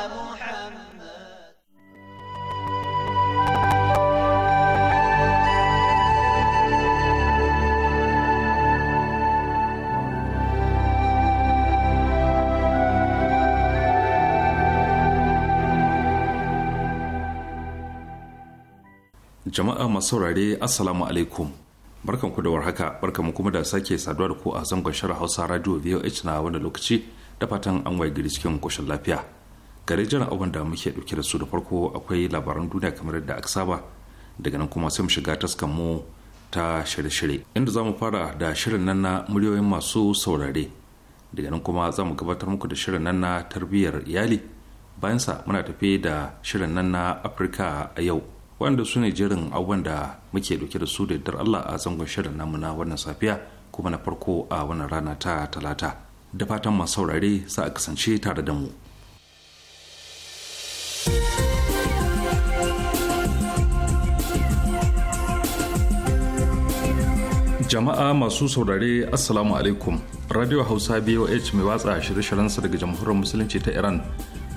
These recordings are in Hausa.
محمد jama'a masu saurare assalamu alaikum barkan ku da warhaka barkan mu kuma da sake saduwa da ku a zangon shirin hausa radio voh na wani lokaci da fatan an waye gari cikin koshin lafiya gare jiran abin da muke dauke da su da farko akwai labaran duniya kamar yadda aka saba daga nan kuma sai mu shiga taskan mu ta shirye-shirye inda za mu fara da shirin nan na muryoyin masu saurare daga nan kuma za mu gabatar muku da shirin nan na tarbiyyar iyali bayan sa muna tafe da shirin nan na afirka a yau waɗanda su ne jerin abubuwan da muke ɗauke da su da yardar Allah a zangon shirin namu na wannan safiya kuma na farko a wannan rana ta talata da fatan masu saurare za a kasance tare da mu. jama'a masu saurare assalamu alaikum radio hausa boh mai watsa shirye-shiryensa daga jamhuriyar musulunci ta iran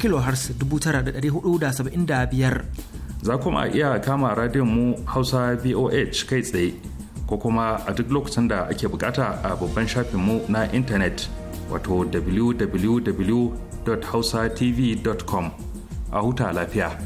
kilohertz biyar. za kuma iya kama radiyon mu hausa boh kai tsaye ko kuma a duk lokacin da ake bukata a babban shafinmu na intanet wato www.hausatv.com a huta lafiya.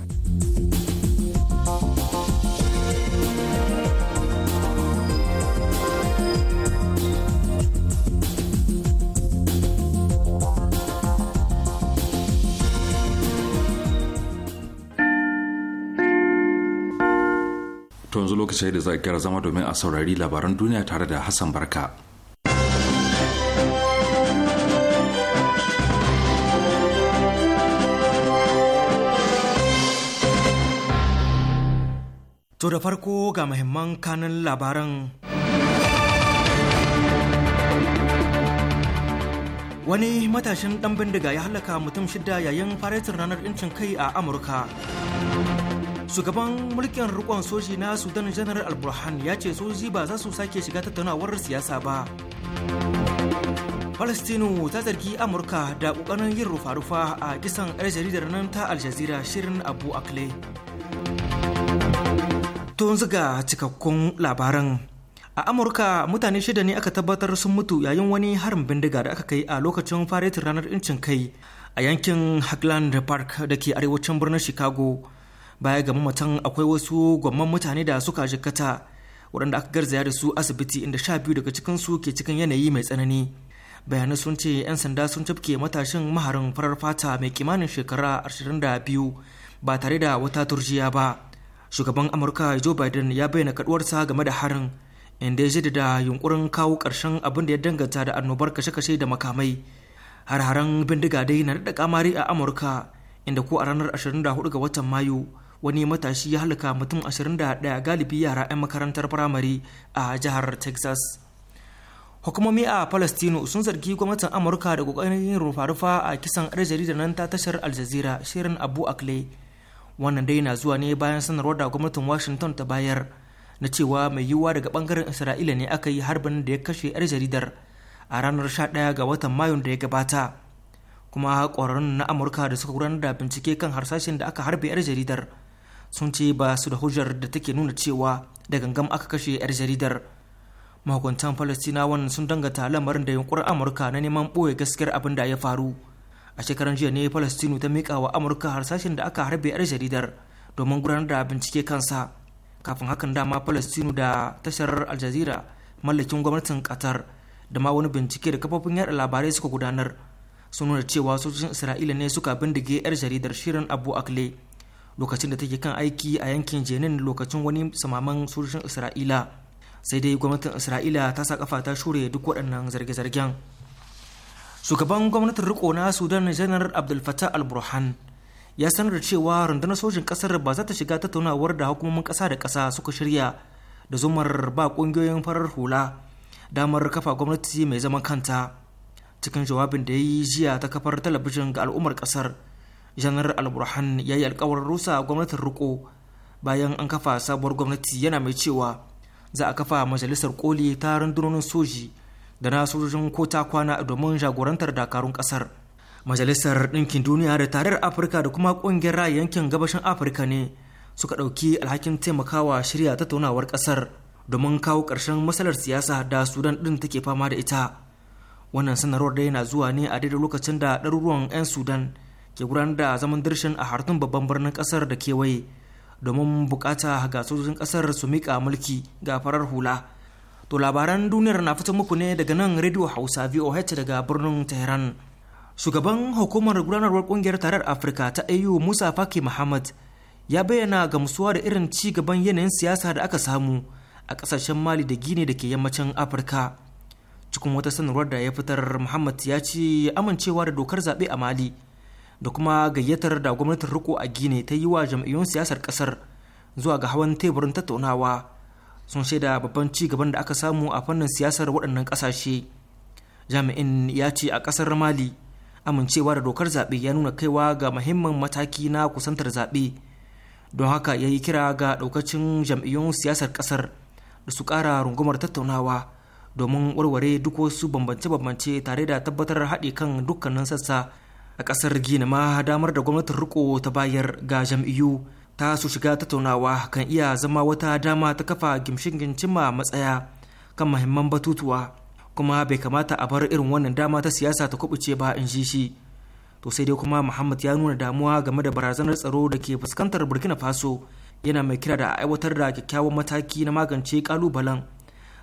To yanzu lokacin da za a zama domin a saurari labaran duniya tare da Hassan Barka. To da farko ga muhimman kanin labaran. Wani matashin ɗan bindiga ya halaka mutum shida yayin faretin ranar incin kai a Amurka. shugaban mulkin rikon soji na sudan janar alburhan ya ce soji ba za su sake shiga tattaunawar siyasa ba palestino ta zargi amurka da kokarin yin rufa-rufa a kisan yar jaridar nan ta aljazira shirin abu akle tun zuga cikakkun labaran a amurka mutane shida ne aka tabbatar sun mutu yayin wani harin bindiga da aka kai a lokacin faretin ranar incin kai a yankin hagland park da ke arewacin birnin chicago baya ga mamatan akwai wasu gwamman mutane da suka jikkata waɗanda aka garzaya da su asibiti inda sha biyu daga cikin su ke cikin yanayi mai tsanani bayanai sun ce 'yan sanda sun tafke matashin maharin farar fata mai kimanin shekara 22 ba tare da wata turjiya ba shugaban amurka joe biden ya bayyana kaduwarsa game da harin inda ya jaddada yunkurin kawo karshen abin da ya danganta da annobar kashe-kashe da makamai har-haren bindiga dai na daɗa kamari a amurka inda ko a ranar 24 ga watan mayu wani matashi ya halaka mutum 21 galibi yara 'yan makarantar firamare a jihar texas hukumomi a palestino sun zargi gwamnatin amurka da kokarin yin rufa-rufa a kisan yar jaridar nan ta tashar aljazira shirin abu akle wannan dai na zuwa ne bayan sanarwar da gwamnatin washington ta bayar na cewa mai yiwuwa daga bangaren isra'ila ne aka yi harbin da ya kashe yar jaridar a ranar 11 ga watan mayun da ya gabata kuma ƙwararrun na amurka da suka gudanar da bincike kan harsashin da aka harbe yar jaridar sun ce ba su da hujjar da take nuna cewa da gangam aka kashe 'yar jaridar mahukuntan falastinawan sun dangata lamarin da yunkurin amurka na neman ɓoye gaskiyar abin da ya faru a shekaran jiya ne falastinu ta miƙa wa amurka harsashen da aka harbe 'yar jaridar domin gudanar da bincike kansa kafin hakan dama falastinu da tashar aljazira mallakin gwamnatin qatar da ma wani bincike da kafofin yada labarai suka gudanar sun nuna cewa sojojin isra'ila ne suka bindige 'yar jaridar shirin abu akle lokacin da take kan aiki a yankin jenin lokacin wani samaman sojojin isra'ila sai dai gwamnatin isra'ila ta sa kafa ta shure duk waɗannan zarge-zargen shugaban gwamnatin riko na sudan janar abdul fatah al-burhan ya sanar da cewa rundunar sojin kasar ba za ta shiga tattaunawar da hukumomin kasa da kasa suka shirya da zumar ba kungiyoyin farar hula damar kafa gwamnati mai zaman kanta cikin jawabin da ya yi jiya ta kafar talabijin ga al'ummar kasar janar alburhan ya yi alkawarin rusa gwamnatin riko bayan an kafa sabuwar gwamnati yana mai cewa za a kafa majalisar koli ta rundunonin soji da na sojojin ko ta kwana domin jagorantar dakarun kasar majalisar ɗinkin duniya da tarayyar afirka da kuma ƙungiyar ra yankin gabashin afirka ne suka ɗauki alhakin taimakawa shirya tattaunawar ƙasar domin kawo ƙarshen matsalar siyasa da sudan ɗin take fama da ita wannan sanarwar dai na zuwa ne a daidai lokacin da ɗaruruwan 'yan sudan ke gudanar da zaman dirshin a hartun babban birnin kasar da kewaye domin bukata ga sojojin kasar su mika mulki ga farar hula to labaran duniyar na fito muku ne daga nan radio hausa voh daga birnin tehran shugaban hukumar gudanarwar kungiyar tarar afirka ta au musa faki muhammad ya bayyana gamsuwa da irin ci gaban yanayin siyasa da aka samu a kasashen mali da gine da ke yammacin afirka cikin wata sanarwar da ya fitar muhammad ya ce amincewa da dokar zaɓe a mali da kuma gayyatar da gwamnatin riko a gine ta yi wa jam'iyyun siyasar kasar zuwa ga hawan teburin tattaunawa sun shaida babban ci gaban da aka samu a fannin siyasar waɗannan ƙasashe jami'in ya ce a ƙasar mali amincewa da dokar zaɓe ya nuna kaiwa ga muhimmin mataki na kusantar zaɓe don haka ya yi kira ga ɗaukacin jam'iyyun siyasar ƙasar da su ƙara rungumar tattaunawa domin warware duk wasu bambance-bambance tare da tabbatar haɗe kan dukkanin sassa a ƙasar gina ma damar da gwamnatin riko ta bayar ga jam'iyyu ta su shiga tattaunawa kan iya zama wata dama ta kafa gimshigin ma matsaya kan mahimman batutuwa kuma bai kamata a bar irin wannan dama ta siyasa ta kubuce ba in ji shi to sai dai kuma muhammad ya nuna damuwa game da barazanar tsaro da ke fuskantar burkina faso yana mai kira da aiwatar da kyakkyawan mataki na magance kalubalen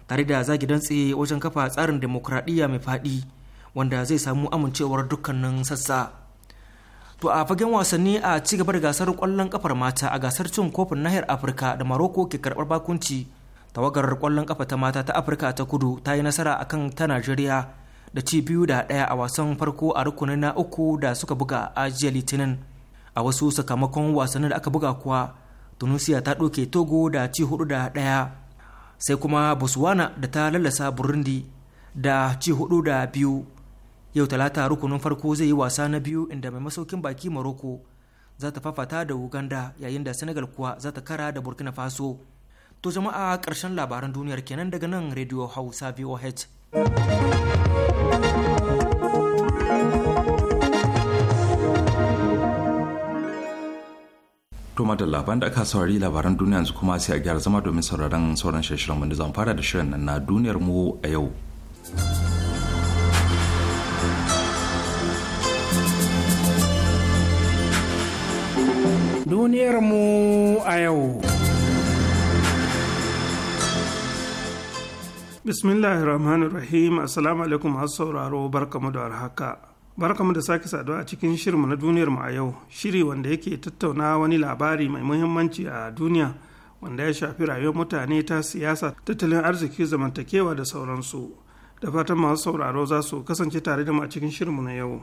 tare da zagi dantse wajen kafa tsarin demokradiyya mai faɗi wanda zai samu amincewar dukkanin sassa to a fagen wasanni a ci gaba da gasar kwallon kafar mata a gasar cin kofin nahiyar afirka da maroko ke karbar bakunci tawagar kwallon kafa ta mata ta afirka ta kudu ta yi nasara akan ta najeriya da ci biyu da daya a wasan farko a rukunin na uku da suka buga a jiya litinin a wasu sakamakon wasannin da aka buga kuwa tunisia ta ɗauke togo da ci hudu da daya sai kuma botswana da ta lallasa burundi da ci hudu da biyu yau talata rukunin farko zai yi wasa na biyu inda mai masaukin baki morocco za ta fafata da uganda yayin da senegal kuwa za ta kara da burkina faso to jama'a ƙarshen labaran duniyar kenan daga nan radio hausa voh kuma da labaran da aka saurari labaran duniya yanzu kuma sai a gyara zama domin sauraron sauran shirye-shiryen wanda zan fara da shirin na duniyar mu a yau. duniyarmu a yau. Bismillahir Rahmanir Rahim Assalamu alaikum masu sauraro barkamu da warhaka. Barkamu da sake saduwa a cikin shirinmu na duniyarmu a yau, shiri wanda yake tattauna wani labari mai muhimmanci a duniya wanda ya shafi rayuwar mutane ta siyasa, tattalin arziki, zamantakewa da sauransu. Da fatan masu sauraro za su kasance tare da mu a cikin shirinmu na yau.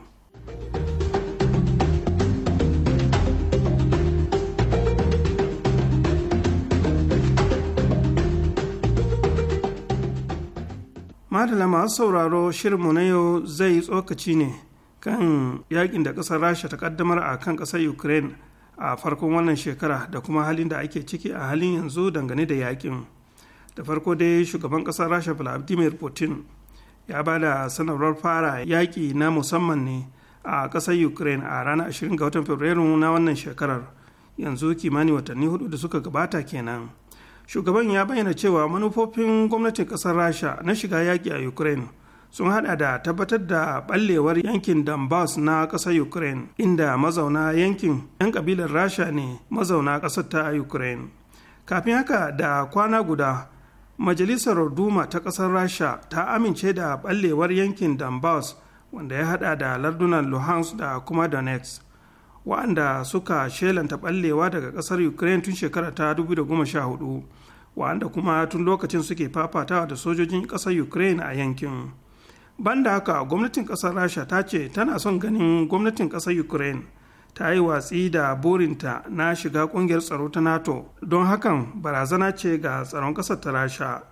madala masu sauraro shirinmu na yau zai yi tsokaci ne kan yakin da ƙasar rasha ta kaddamar a kan ƙasar ukraine a farkon wannan shekara da kuma halin da ake ciki a halin yanzu dangane da yakin da farko dai shugaban ƙasar rasha vladimir putin ya ba da sanarwar fara yaƙi na musamman ne a ƙasar ukraine a ranar 20 ga watan fabrairu na wannan shekarar yanzu kimanin watanni hudu da suka gabata kenan shugaban ya bayyana cewa manufofin gwamnatin kasar rasha na shiga yaki a ukraine sun hada da tabbatar da ballewar yankin donbass na ƙasar ukraine inda mazauna yankin 'yan kabilar rasha ne mazauna ƙasar ta ukraine kafin haka da kwana guda majalisar duma ta ƙasar rasha ta amince da ballewar yankin donbass wanda ya hada da lardunan luhansk da kuma donetsk wa'anda suka shelanta ballewa daga ƙasar ukraine tun shekara ta 2014 wanda kuma tun lokacin suke fafatawa da sojojin ƙasar ukraine a yankin banda haka gwamnatin ƙasar rasha ta ce tana son ganin gwamnatin ƙasar ukraine ta yi watsi da burinta na shiga ƙungiyar tsaro ta nato don hakan barazana ce ga tsaron ƙasar ta rasha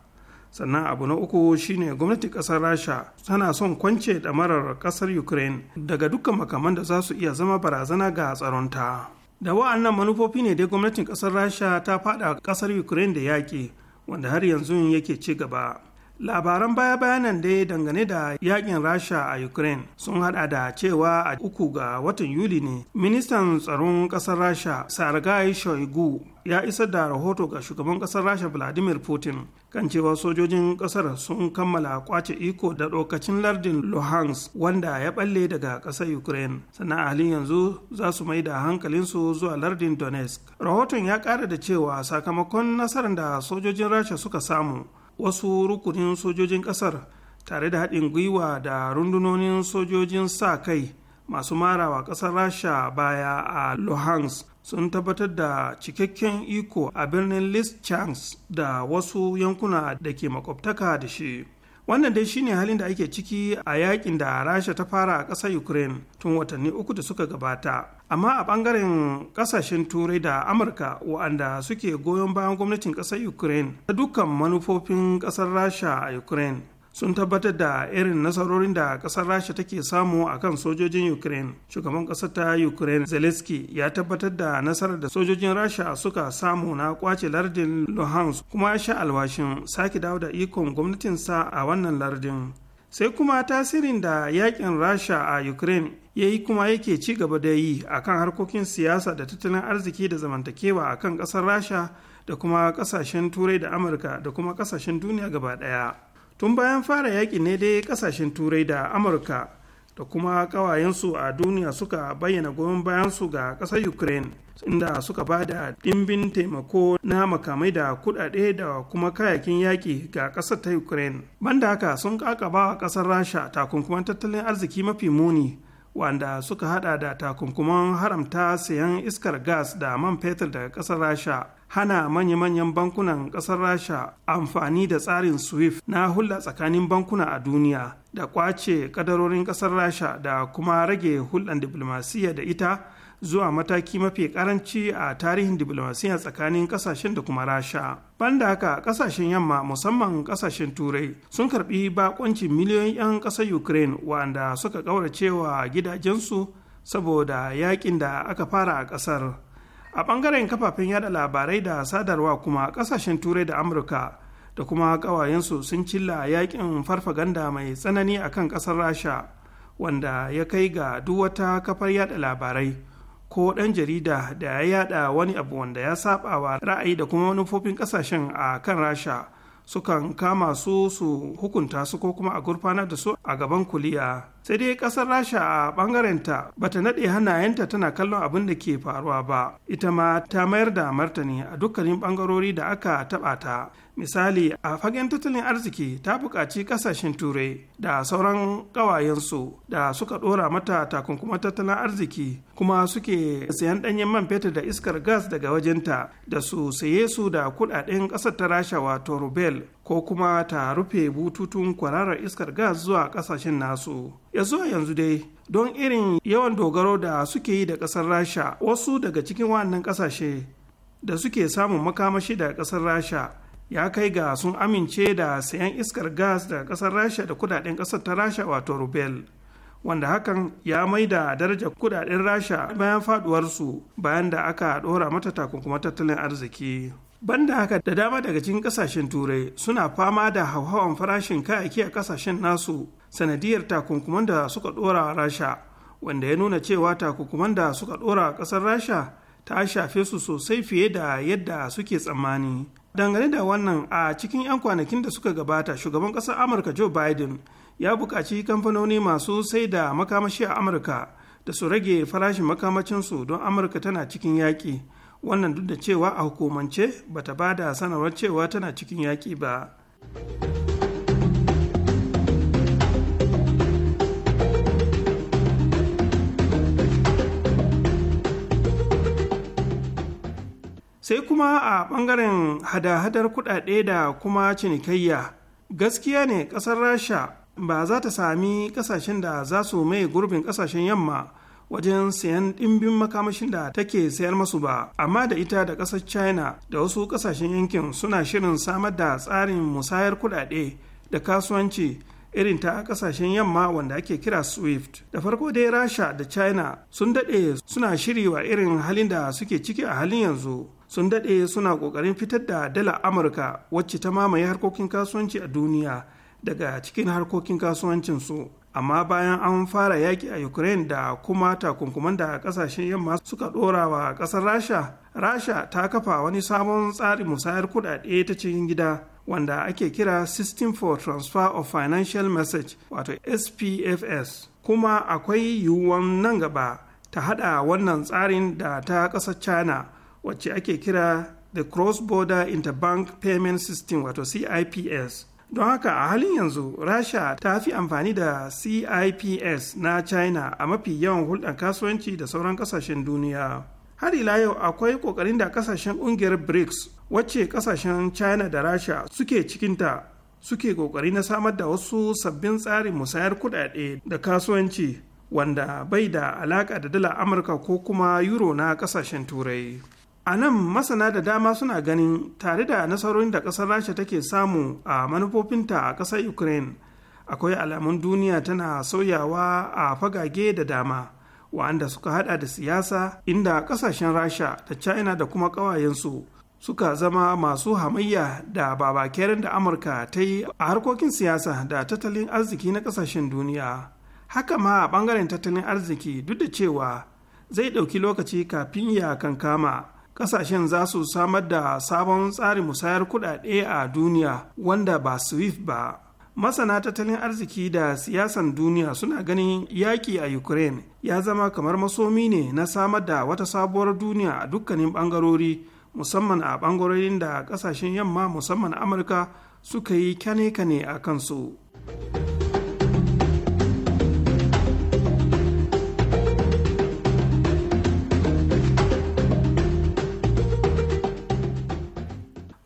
sannan abu na uku shine gwamnatin ƙasar rasha tana son kwance ɗamarar ƙasar ukraine daga dukkan makaman da za su iya zama barazana ga tsaronta. da wa'annan manufofi ne dai gwamnatin ƙasar rasha ta faɗa ƙasar ukraine da yaƙi wanda har yanzu yake ci gaba labaran baya-bayanan dai dangane da yakin rasha a ukraine sun hada da cewa a uku ga watan yuli ne ministan tsaron kasar rasha sargai shoigu ya isa da rahoto ga shugaban kasar rasha vladimir putin kan cewa sojojin kasar sun kammala kwace iko da lokacin lardin luhansk wanda ya balle daga kasar ukraine sannan a halin yanzu za su mai da hankalinsu zuwa lardin donetsk rahoton ya kara da cewa sakamakon nasarar da sojojin rasha suka samu wasu rukunin sojojin ƙasar tare da haɗin gwiwa da rundunonin sojojin sa kai masu marawa ƙasar rasha baya a luhansk sun tabbatar da cikakken iko a birnin lischansk da wasu yankuna da ke makwabtaka da shi wannan dai shine halin da ake ciki a yakin da rasha ta fara a ƙasar ukraine tun watanni uku da suka gabata amma a ɓangaren ƙasashen turai da amurka wa'anda suke goyon bayan gwamnatin ƙasar ukraine da dukkan manufofin ƙasar rasha a ukraine sun tabbatar da irin nasarorin da kasar rasha take samu a kan sojojin ukraine shugaban kasar ta ukraine zelensky ya tabbatar da nasarar da sojojin rasha suka samu na kwace lardin luhansk kuma ya sha alwashin sake dawo da ikon gwamnatinsa a wannan lardin sai kuma tasirin da yakin rasha a ukraine ya yi kuma yake ci gaba da yi a kan harkokin siyasa da tattalin arziki da zamantakewa a kan kasar rasha da kuma kasashen turai da amurka da kuma kasashen duniya gaba daya tun bayan fara yaƙi ne dai ƙasashen turai da amurka da kuma ƙawayensu a duniya suka bayyana goyon bayansu ga ƙasar ukraine inda suka ba da ɗimbin taimako na makamai da kuɗaɗe da kuma kayakin yaƙi ga ƙasar ta ukraine banda haka sun ƙaƙaba ƙasar rasha takunkuman tattalin arziki mafi muni wanda suka hada da takunkuman haramta sayan iskar gas da man fetur daga ƙasar rasha hana manya-manyan bankunan ƙasar rasha amfani da tsarin swift na hulɗa tsakanin bankuna a duniya da ƙwace ƙadarorin ƙasar rasha da kuma rage hulɗan diplomasiyya da ita zuwa mataki mafi karanci a tarihin diplomasiyya tsakanin ƙasashen da kuma rasha banda haka ƙasashen yamma musamman ƙasashen turai sun karɓi bakoncin miliyoyin 'yan ƙasar ukraine wanda suka cewa gidajensu saboda yakin da aka fara a ƙasar. a ɓangaren kafafen yada labarai da sadarwa kuma ƙasashen turai da amurka da kuma ƙawayensu sun cilla a yakin farfaganda mai tsanani a kan ƙasar rasha wanda ya kai ga duk wata kafar yada labarai ko ɗan jarida da ya yada wani abu wanda ya saba wa ra'ayi da kuma manufofin ƙasashen a kan rasha sukan kama su su hukunta su ko kuma a gurfana da su a gaban kuliya sai dai kasar rasha a bangarenta bata naɗe hannayenta tana kallon abin da ke faruwa ba ita ma ta mayar da martani a dukkanin bangarori da aka taɓa ta misali a fagen tattalin arziki ta buƙaci ƙasashen turai da sauran ƙawayensu da suka ɗora mata takunkuma tattalin arziki kuma suke sayan ɗanyen man fetur da iskar gas daga wajenta da su saye su da kuɗaɗen ƙasar ta rasha wato rubel ko kuma ta rufe bututun kwararar iskar gas zuwa ƙasashen nasu ya zuwa yanzu dai don irin yawan dogaro da suke yi da ƙasar rasha wasu daga cikin wannan ƙasashe da suke samun makamashi daga ƙasar rasha ya kai ga sun amince da sayan iskar gas daga kasar rasha da kudaden kasar ta rasha wato rubel wanda hakan ya mai da darajar kudaden rasha bayan faduwarsu bayan da aka dora mata takunkuma tattalin arziki banda haka da dama daga cikin kasashen turai suna fama da hauhawan farashin kayayyaki a kasashen nasu sanadiyar takunkuman da suka dora rasha wanda ya nuna cewa takunkuman da suka dora kasar rasha ta shafe su sosai fiye da yadda suke tsammani dangane da wannan a cikin 'yan kwanakin da suka gabata shugaban ƙasar amurka joe biden ya buƙaci kamfanoni masu sai da makamashi a amurka da su rage farashin makamacinsu don amurka tana cikin yaƙi wannan duk da cewa a hukumance bata ba da sanarwar cewa tana cikin yaƙi ba. sai kuma a ɓangaren hada-hadar kuɗaɗe da kuma cinikayya gaskiya ne ƙasar rasha ba za ta sami ƙasashen da za su mai gurbin ƙasashen yamma wajen sayan ɗimbin makamashin da take sayar masu ba amma da ita da ƙasar china da wasu ƙasashen yankin suna shirin samar da tsarin musayar kuɗaɗe da kasuwanci irin ta ƙasashen yamma wanda ake kira swift da farko dai rasha da china sun daɗe suna shiri wa irin halin da suke ciki a halin yanzu sun daɗe suna ƙoƙarin fitar da dala amurka wacce ta mamaye harkokin kasuwanci a duniya daga cikin harkokin kasuwancinsu amma bayan an fara yaƙi a ukraine da kuma takunkuman da ƙasashen yamma suka ɗora wa ƙasar rasha rasha ta kafa wani sabon tsarin musayar kuɗaɗe ta cikin gida wanda ake kira system for transfer of financial message wato spfs kuma akwai yiwuwan nan gaba ta haɗa wannan tsarin da ta ƙasar china wacce ake kira the cross border interbank payment system wato cips don haka a halin yanzu rasha ta fi amfani da cips na china a mafi yawan hulɗar kasuwanci da sauran kasashen duniya har ila yau akwai ƙoƙarin da kasashen ƙungiyar brics wacce kasashen china da rasha suke cikinta suke ƙoƙari na samar da wasu sabbin tsarin musayar kuɗaɗe da kasuwanci wanda bai da alaƙa da dala amurka ko kuma euro na kasashen turai a nan masana da dama suna ganin tare da nasarorin da ƙasar rasha take samu a manufofinta a ƙasar ukraine akwai alamun duniya tana sauyawa a fagage da dama wa'anda suka hada da siyasa inda ƙasashen rasha da china da kuma ƙawayensu suka zama masu hamayya da babakeren da amurka ta yi a harkokin siyasa da tattalin arziki na ƙasashen duniya haka ma a ɓangaren tattalin arziki duk da cewa zai ɗauki lokaci kafin ya kankama kasashen za su samar da sabon tsarin musayar kuɗaɗe a duniya wanda ba swift ba masana tattalin arziki da siyasan duniya suna ganin yaƙi a ukraine ya zama kamar masomi ne na samar da wata sabuwar duniya a dukkanin bangarori musamman a ɓangarorin da ƙasashen yamma musamman amurka suka yi kane-kane a kansu.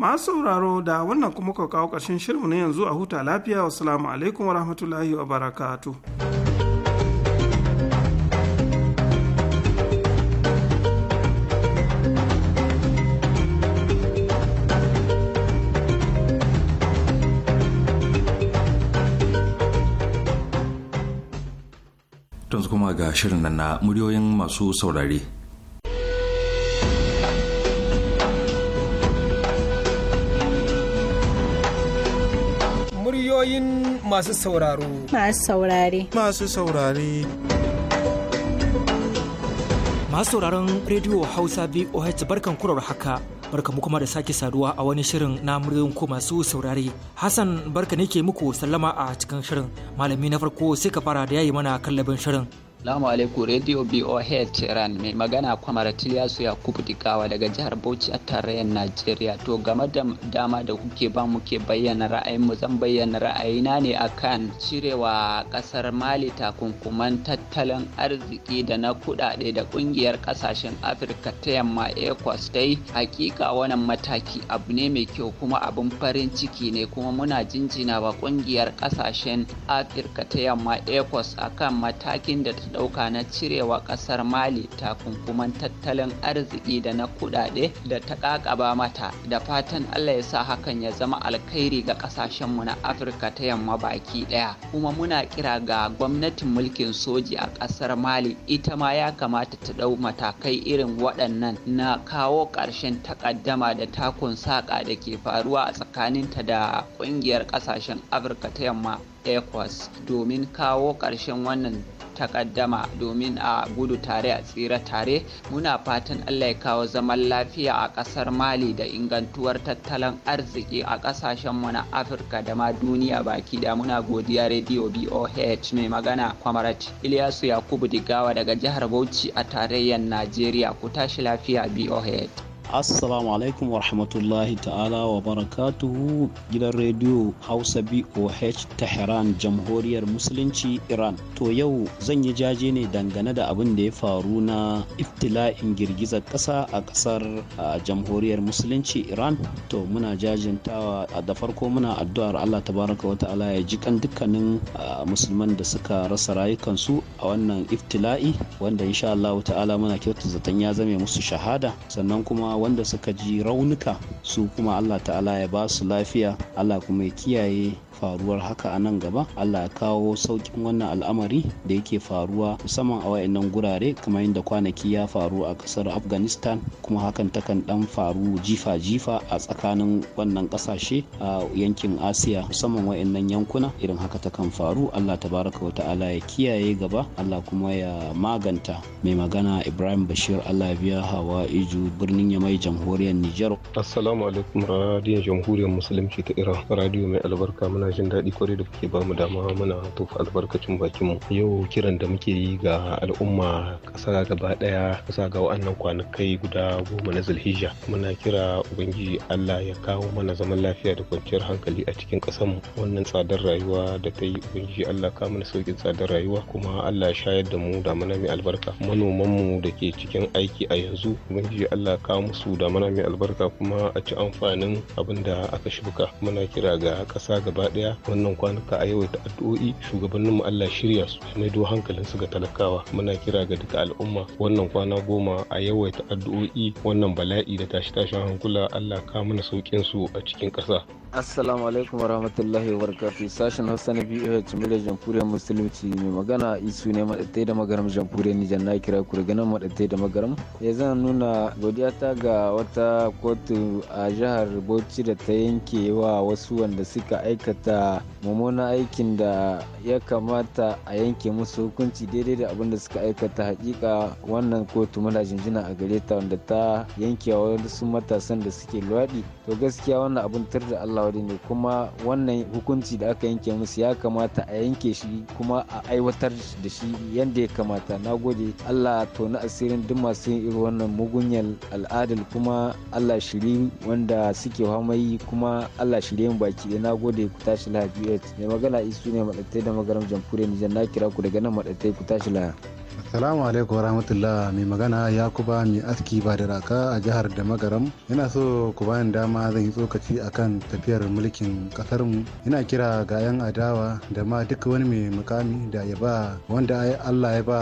masu sauraro da wannan kuma ka kawo ƙarshen shirinmu na yanzu a huta lafiya wasu alaikum wa rahmatullahi wa barakatu. tunzu kuma ga shirin nan na muryoyin masu saurare. masu sauraro. Masu saurare. Masu saurare. Masu sauraron rediyo Hausa VOH barkan kurar haka. Barka mu kuma da sake saduwa a wani shirin na muryoyin ko masu saurare. Hassan barka ne ke muku sallama a cikin shirin. Malami na farko sai ka fara da yayi mana kallabin shirin. Salamu alaikum Radio BOH Ran mai magana kwamar Tiliyasu ya Dikawa daga jihar Bauchi a tarayyar Najeriya. To game da dama da kuke ba muke bayyana mu, zan bayyana ra'ayina ne akan cirewa kasar Mali takunkuman tattalin arziki da na kudade da kungiyar kasashen Afirka ta yamma ECOWAS dai hakika wannan mataki abu ne mai kyau kuma abun farin ciki ne kuma muna jinjina wa kungiyar kasashen Afirka ta yamma ECOWAS akan matakin da ɗauka na cirewa ƙasar mali takunkuman tattalin arziki da na kuɗaɗe da ta ƙaƙaba mata da fatan allah ya sa hakan ya zama alkhairi ga ƙasashenmu na afirka ta yamma baki ɗaya kuma muna kira ga gwamnatin mulkin soji a ƙasar mali ita ma ya kamata ta ɗau matakai irin waɗannan na kawo ƙarshen takaddama da takun saƙa da ke faruwa a tsakaninta da ƙungiyar ƙasashen afirka ta yamma ecowas domin kawo ƙarshen wannan takaddama domin a gudu tare a tsira tare muna fatan allah ya kawo zaman lafiya a ƙasar mali da ingantuwar tattalin arziki a ƙasashen mu na afirka da ma duniya baki da muna godiya rediyo boh mai magana kwamarat iliyasu yakubu digawa daga jihar bauchi a tarayyar najeriya ku tashi lafiya boh Assalamu alaikum wa rahmatullahi ta'ala wa barakatuhu gidan rediyo Hausa BOH Tehran Jamhuriyar Musulunci Iran. To yau zan yi jaje ne dangane da abin da ya faru na iftila'in girgizar kasa a ƙasar Jamhuriyar Musulunci Iran. To muna jajintawa da farko muna addu'ar Allah tabaraka wa ta'ala ya ji kan dukkanin musulman da suka rasa rayukansu a wannan iftila'i wanda insha Allah ta'ala muna kyautata zaton ya zame musu shahada sannan kuma wanda suka ji raunuka su kuma Allah ta'ala ya ba su lafiya Allah kuma ya kiyaye faruwar haka a nan gaba allah ya kawo saukin wannan al'amari da yake faruwa musamman a wayannan gurare kamar yadda kwanaki ya faru a kasar afghanistan kuma hakan takan dan faru jifa-jifa a tsakanin wannan kasashe a yankin asiya musamman wayannan yankuna irin haka takan faru allah tabaraka wa ta'ala ya kiyaye gaba allah kuma ya maganta mai magana ibrahim bashir allah biya hawa iju birnin yamai jamhuriyar Nijar. assalamu alaikum radiyon jamhuriyar musulunci ta iran radiyo mai albarka muna jin daɗi kwarai da kuke bamu dama muna tofa albarkacin bakin mu yau kiran da muke yi ga al'umma ƙasa gaba ɗaya kusa ga wa'annan kwanakai guda goma na zulhijja muna kira ubangiji allah ya kawo mana zaman lafiya da kwanciyar hankali a cikin mu wannan tsadar rayuwa da ta yi ubangiji allah kawo mana sauƙin tsadar rayuwa kuma allah ya shayar da mu da mana mai albarka mu da ke cikin aiki a yanzu ubangiji allah kawo musu da mana mai albarka kuma a ci amfanin abin da aka shuka muna kira ga ƙasa gaba ɗaya daya wannan kwanuka a yawaita addu'o'i shugabannin mu Allah shirya su do hankalin su ga talakawa muna kira ga duka al'umma wannan kwana goma a yawaita addu'o'i wannan bala'i da tashi tashin hankula Allah ka mana saukin su a cikin kasa. Assalamu alaikum warahmatullahi wabarakatuh sashen Hausa na BOH Mila Jamhuriyar Musulunci mai magana isu ne madaddai da magaram Jamhuriyar Nijar na kira ku ganin da magaram ya eh, zan nuna godiya ta ga wata kotu a jihar Bauchi da ta yanke wa wasu wanda suka aikata da mummunan aikin da ya kamata a yanke musu hukunci daidai da abin da suka aikata hakika wannan kotu muna jinjina a gare ta wanda ta yanke wasu matasan da suke luwaɗi to gaskiya wannan abin tur da Allah wani ne kuma wannan hukunci da aka yanke musu ya kamata a yanke shi kuma a aiwatar da shi yadda ya kamata na gode Allah na asirin duk masu yin irin wannan mugunyar al'adar kuma Allah shiri wanda suke hamayi kuma Allah shiri yin baki na gode ku tashi tashi la mai magana isu ne madattai da magaram jamhuriyar nijar na kira ku daga nan madattai ku tashi la Assalamu alaikum warahmatullah mai magana Yakuba mai aski ba da raka a jihar da magaram. yana so ku bayan dama zan yi tsokaci akan tafiyar mulkin kasar mu. Ina kira ga 'yan adawa da ma duk wani mai mukami da ya ba wanda Allah ya ba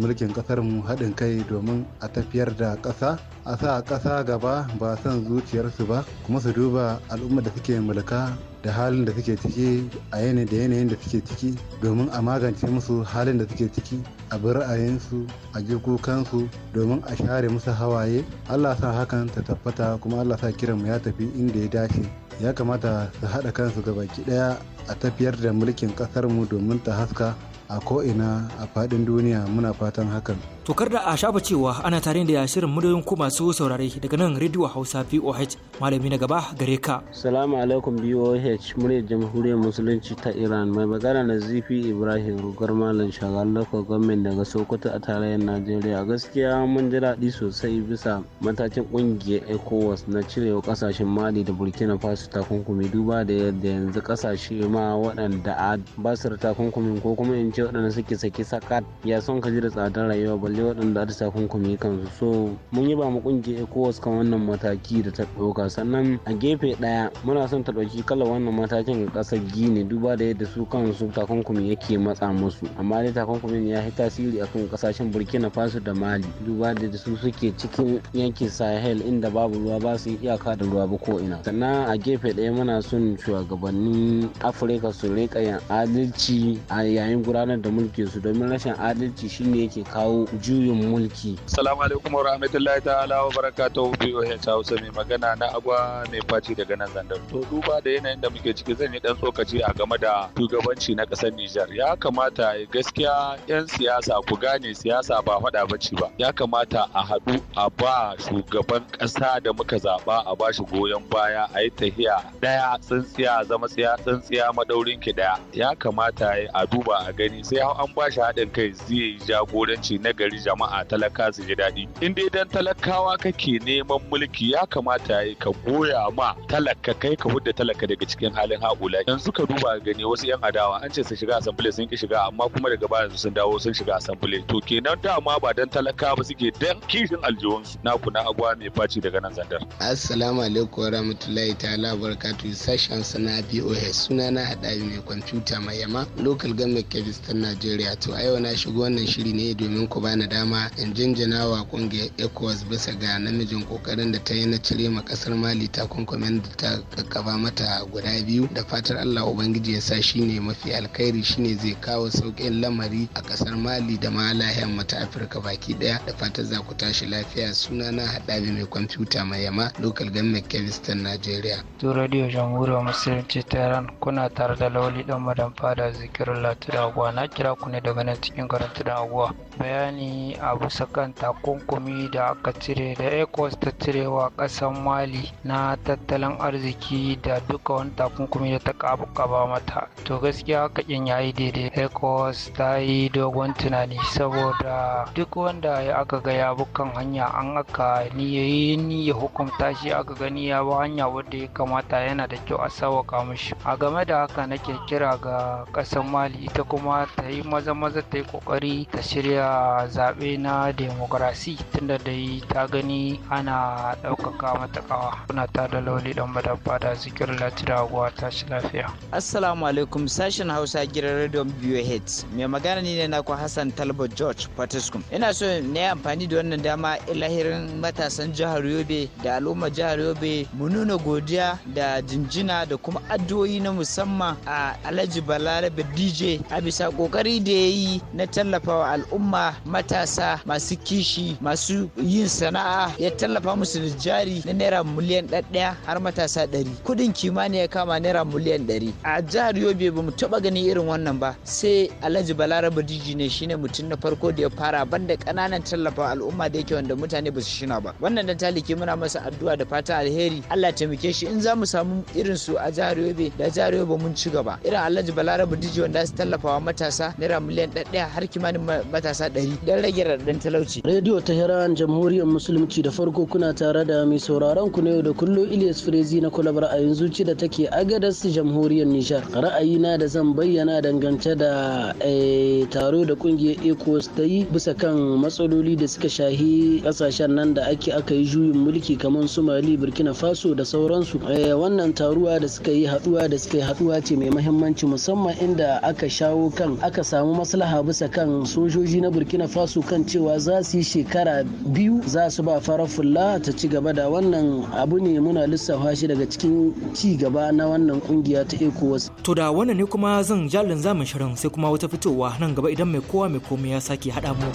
mulkin kasar mu haɗin kai domin a tafiyar da ƙasa. A sa ƙasa gaba ba son zuciyarsu ba kuma su duba al'ummar da suke mulka da halin da suke ciki a yanayi da yanayin da suke ciki domin a magance musu halin da suke ciki a bi ra'ayinsu a ji kukansu domin a share musu hawaye allah sa hakan ta tabbata kuma allah sa kiranmu ya tafi inda ya dace ya kamata su haɗa kansu gabaki ɗaya a tafiyar da mulkin ƙasarmu domin ta haska a ko'ina a fadin duniya muna fatan hakan. Tokar da a shafa cewa ana tare da shirin muryoyin ku masu saurare daga nan rediyo Hausa VOH malami na gaba gare ka. Salamu alaikum VOH muryar jamhuriyar musulunci ta Iran mai magana na Zifi Ibrahim rugar malam shagal lokal gwamnati daga Sokoto a tarayyar Najeriya gaskiya mun ji daɗi sosai bisa matakin ƙungiyar ECOWAS na cirewa ƙasashen Mali da Burkina Faso takunkumi duba da yadda yanzu ƙasashe ma waɗanda a da takunkumin ko kuma in abinci waɗanda suke sake sakat ya son kaji da tsadar rayuwa balle waɗanda da takunkumi kansu so mun yi ba mu kungiya ecowas kan wannan mataki da ta ɗauka sannan a gefe ɗaya muna son ta ɗauki kalar wannan matakin ga ƙasar gini duba da yadda su kansu takunkumi yake matsa musu amma dai takunkumin ya yi tasiri akan ƙasashen burkina faso da mali duba da yadda su suke cikin yankin sahel inda babu ruwa ba su iyaka da ruwa ba ko ina sannan a gefe ɗaya muna son shugabannin afirka su riƙa yin adalci a yayin gudanar gudanar da mulkin su domin rashin adalci shine yake kawo juyin mulki Salamu alaikum wa rahmatullahi ta'ala wa barakatuhu biyo hausa mai magana na agwa mai faci daga nan zandar to duba da yanayin da muke ciki zan yi dan tsokaci a game da shugabanci na kasar Nijar ya kamata gaskiya yan siyasa ku gane siyasa ba faɗa bace ba ya kamata a haɗu a ba shugaban ƙasa da muka zaɓa a ba shi goyon baya a yi tahiya ɗaya tsintsiya zama tsiya tsintsiya madaurin ki ɗaya ya kamata a duba a gani ne sai an ba shi haɗin kai zai yi jagoranci na gari jama'a talaka su ji daɗi in dai dan talakawa kake neman mulki ya kamata yi ka goya ma talaka kai ka hudda talaka daga cikin halin haƙula yanzu ka duba gani wasu yan adawa an ce su shiga asambile sun ki shiga amma kuma daga baya sun dawo sun shiga asambile to kenan dama ba dan talaka ba suke dan kishin aljihunsu na kuna agwa mai faci daga nan zandar assalamu alaikum wa rahmatullahi ta'ala barakatuh sashen sana BOS sunana haɗari mai kwamfuta mai yama local government kebis ɗan najeriya to a yau na shigo wannan shiri ne domin ku bani dama in jinjina wa kungiyar ecowas bisa ga namijin kokarin da ta yi na cire ma kasar mali takunkumin da ta kakkaba mata guda biyu da fatar allah ubangiji ya sa ne mafi alkhairi shine zai kawo sauƙin lamari a kasar mali da ma lahiyar mata afirka baki ɗaya? da fatar za ku tashi lafiya suna na haɗabi mai kwamfuta mai yama lokal government kevistan nigeria to radio jamhuriyar musulunci tehran kuna tare da lauli dan madan fada zikirin latu gwana. na kira ku ne daga nan cikin da aguwa Bayani a bisa kan takunkumi da aka cire da ecos ta cire wa Mali na tattalin arziki da duka wani takunkumi da ta ba mata. To gaskiya haka kin yayi daidai. ecos ta yi dogon tunani saboda duk wanda ya aka ga ya bukan hanya an aka niyayi ni ya hukunta shi aka gani ya bi hanya wadda ya kamata yana da kyau a sawaka mishi. A game da haka nake kira ga kasan Mali ita kuma ta yi maza-maza ta yi kokari ta shirya zaɓe na demokrasi tunda dai ta gani ana ɗaukaka matakawa suna ta da lauli dan madabba da zikir latirawa ta shi lafiya assalamu alaikum sashen hausa gidan Radio biyu hits mai magana ne na ku hassan Talba george patiskum ina so ne amfani da wannan dama ilahirin matasan jihar yobe da al'ummar jihar yobe mu nuna godiya da jinjina da kuma addu'o'i na musamman a alhaji balarabe dj a bisa kokari da ya yi na tallafawa al'umma matasa masu kishi masu yin sana'a ya tallafa musu da jari na naira miliyan ɗaya har matasa ɗari kudin kimanin ya kama naira miliyan ɗari a jihar yobe ba mu taɓa ganin irin wannan ba sai alhaji balaraba diji ne shine mutum na farko da ya fara banda ƙananan tallafa al'umma da yake wanda mutane ba su shina ba wannan dan taliki muna masa addu'a da fata alheri allah taimake shi in za mu samu irin su a jihar yobe da jihar yobe mun ci gaba irin alhaji balaraba diji wanda su tallafa wa matasa naira miliyan ɗaya har kimanin matasa ɗari don rage raɗaɗin talauci. rediyo ta tehran jamhuriyar musulunci da farko kuna tare da mai sauraron ku na yau da kullum ilyas firezi na kulabar a yanzu ci da take agadas jamhuriyar nijar ra'ayina da zan bayyana dangance da eh, taro da kungiyar ECOWAS ta yi bisa kan matsaloli da suka shahi kasashen nan da ake aka yi juyin mulki kamar su mali burkina faso da sauransu eh, wannan taruwa da suka yi haɗuwa da suka yi haɗuwa ce mai mahimmanci musamman inda aka shawo kan kan aka samu maslaha bisa kan sojoji na burkina faso kan cewa za su yi shekara biyu za su ba farar fulla ta ci gaba da wannan abu ne muna lissafa shi daga cikin ci gaba na wannan kungiya ta ecowas to da wannan ne kuma zan jalin zamin shirin sai kuma wata fitowa nan gaba idan mai kowa mai komai ya sake haɗa mu.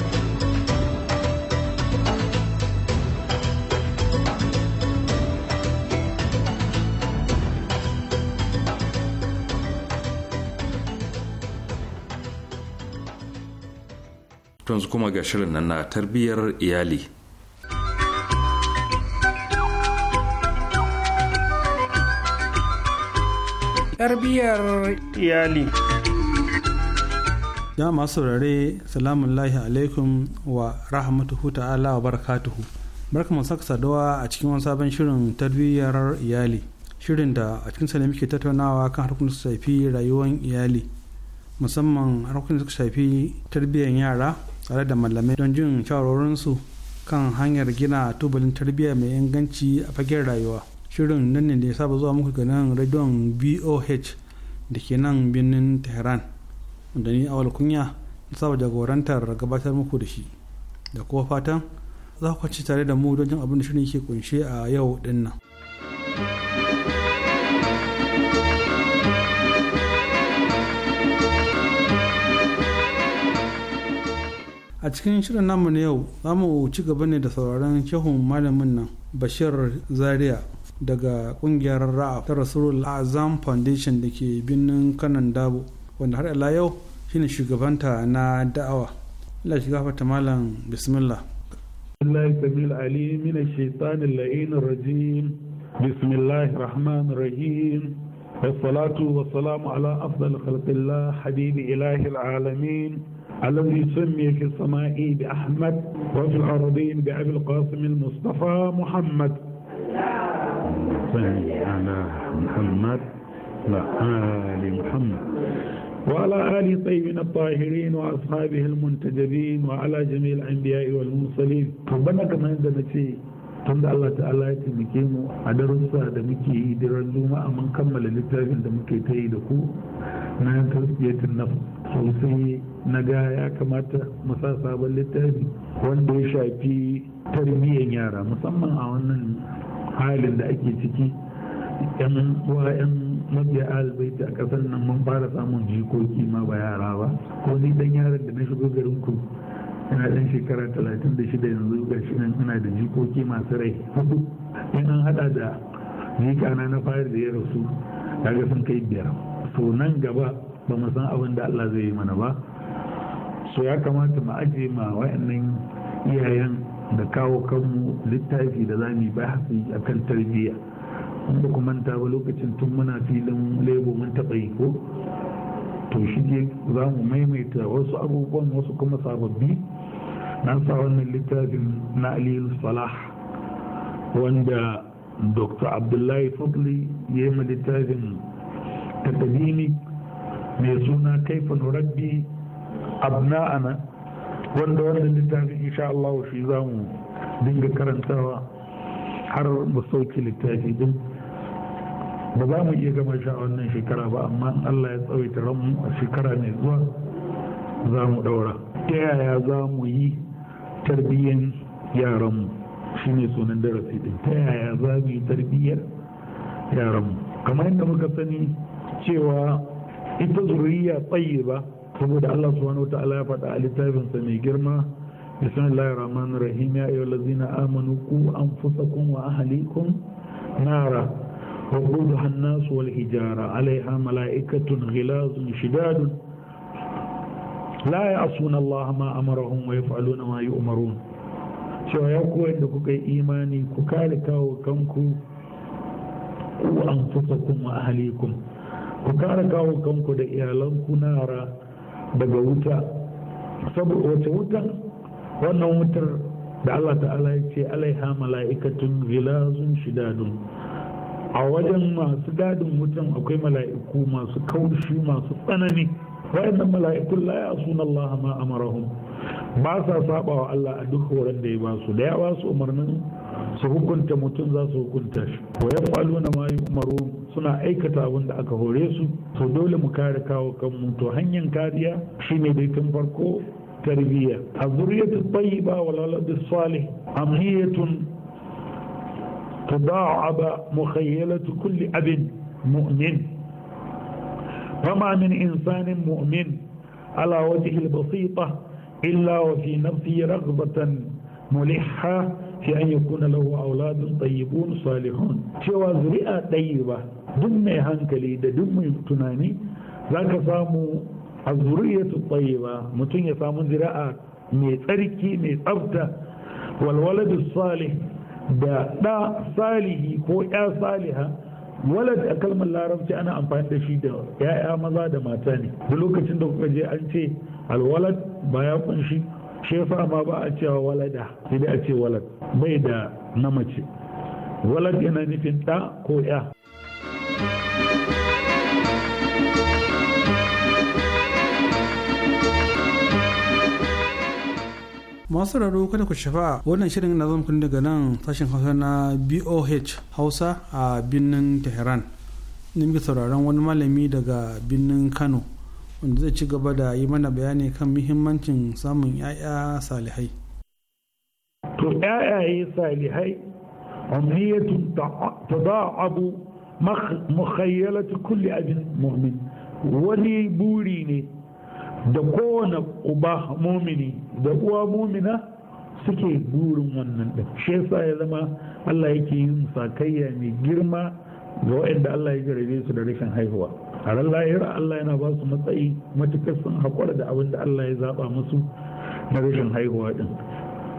to yanzu kuma ga shirin nan na tarbiyyar iyali tarbiyyar iyali ya masu saurari salamun lahi alaikum wa rahmatuhu ta'ala wa barakatuhu barka mu saka sadawa a cikin wani sabon shirin tarbiyyar iyali shirin da a cikin sa ne muke tattaunawa kan harkokin su shafi rayuwar iyali musamman harkokin su shafi tarbiyyar yara tare da malamai don jin shawarorinsu kan hanyar gina tubalin tarbiyya mai inganci a fagen rayuwa shirin nan ne da ya saba zuwa muku ganin nan radion boh da ke nan birnin tehran da ni awal kunya da saba jagorantar gabatar muku da shi da kuma fatan za ku ci tare da mu don jin abin da shirin ke kunshe a yau dinnan. a cikin shirin namu na yau za mu ci gaba ne da sauraron shehun malamin nan bashir zaria daga kungiyar ra'a ta rasulul azam foundation da ke birnin kanan dabo wanda har ila yau shine shugabanta na da'awa Allah shiga fata malam bismillah Allah sabil ali min ash lain rajim bismillahir rahmanir rahim والسلام على أفضل خلق الله حبيب إله العالمين الذي سمي في السماء بأحمد وفي الأرضين بأبي القاسم المصطفى محمد سمي على محمد وآل محمد وعلى آل طيبين الطاهرين وأصحابه المنتجبين وعلى جميع الأنبياء والمرسلين ربنا كما عندنا فيه wanda Allah ta'ala ya taimake mu a darussa da muke yi daren juma'a mun kammala littafin da muke ta yi da ku na tasbiyatin na sosai na ga ya kamata mu sa sabon littafi wanda ya shafi tarbiyyar yara musamman a wannan halin da ake ciki yan uwa yan mabiya albaiti a kasar nan mun fara samun jikoki ma ba yara ba ko ni dan yaran da na shigo garin ku ina ɗan shekara talatin da shida yanzu ga shi nan ina da jikoki masu rai hudu in an haɗa da jikana na na fari da ya rasu kaga sun kai biyar so nan gaba ba mu san abin da Allah zai yi mana ba so ya kamata mu ajiye ma wayannan iyayen da kawo kanmu littafi da zamu ba hafi akan tarbiyya in ba manta ba lokacin tun muna filin lebo mun taɓa yi ko to shi ne za mu maimaita wasu abubuwan wasu kuma sababbi na sa wannan littafin na aliyu salah wanda dr abdullahi fadli ya yi littafin takadimi mai suna kaifin rabbi abna'ana wanda wannan littafin insha Allah shi za mu dinga karantawa har mu sauki littafi din ba za mu iya gama sha wannan shekara ba amma Allah ya tsawaita ranmu a shekara mai zuwa za mu daura ta yaya za mu yi tarbiyyan yaranmu shi ne sunan darasi din ta yaya za mu yi tarbiyyar yaranmu kamar yadda muka sani cewa ita zuriya tsayi ba saboda Allah subhanahu ta'ala ya faɗa a littafinsa mai girma bismillahir rahmanir rahim ya ayyuhal ladzina amanu qu anfusakum wa ahlikum nara وقودها الناس والحجارة عليها ملائكة غلاظ شداد la ya asuna Allah ma amarahum wa yaf'aluna ma yu'marun cewa ya koyar da kuka yi imani ku kare kawo kanku ku anfusakum wa ahlikum ku kare kawo kanku da iyalanku nara daga wuta saboda wace wutan wannan wutar da Allah ta'ala ya ce alaiha mala'ikatun gilazun shidadun a wajen masu gadin wutan akwai mala'iku masu kaushi masu tsanani wa'annan mala'ikun la ya'sun Allah ma amarahum ba sa saba wa Allah a duk horon da ya ba su da ya ba su umarnin su hukunta mutum za su hukunta shi wa yaf'aluna ma yu'marun suna aikata abin da aka hore su to dole mu kare kawo kanmu to hanyar kariya shine dai tun farko tarbiyya الذرية الطيبة والولد الصالح أمهية تداعب مخيلة كل أب مؤمن فما من إنسان مؤمن على وجه البسيطة إلا وفي نفسه رغبة ملحة في أن يكون له أولاد طيبون صالحون cewa zuri'a ba, duk mai hankali da duk mai tunani za ka samu a zuriyatu ba. mutum ya samu zuri'a mai tsarki mai tsafta walwaladu salih da ɗa salihi ko ya saliha walad a kalmar larabci ana amfani da shi da ya'ya maza da mata ne duk lokacin da kuka je an ce alwalad ba ya kunshi shefa ma ba a cewa walada sai dai a ce walad bai da na mace walad yana nufin ɗa ko ya masu raro kada ku shafa wannan shirin na zama daga nan sashen hausa na boh hausa a birnin tehran na muke sauraron wani malami daga birnin kano wanda zai ci gaba da yi mana bayani kan muhimmancin samun 'ya'ya salihai to 'ya'yaye salihai amniyatun abu mukhayyalatu kulli abin mu'min wani buri ne da kowane uba mumini da uwa mumina suke burin wannan ɗin shi yasa ya zama Allah yake yin sakayya mai girma ga waɗanda Allah ya jarabe su da rashin haihuwa a ran lahira Allah yana ba su matsayi matukar sun haƙura da abin da Allah ya zaɓa musu na rashin haihuwa ɗin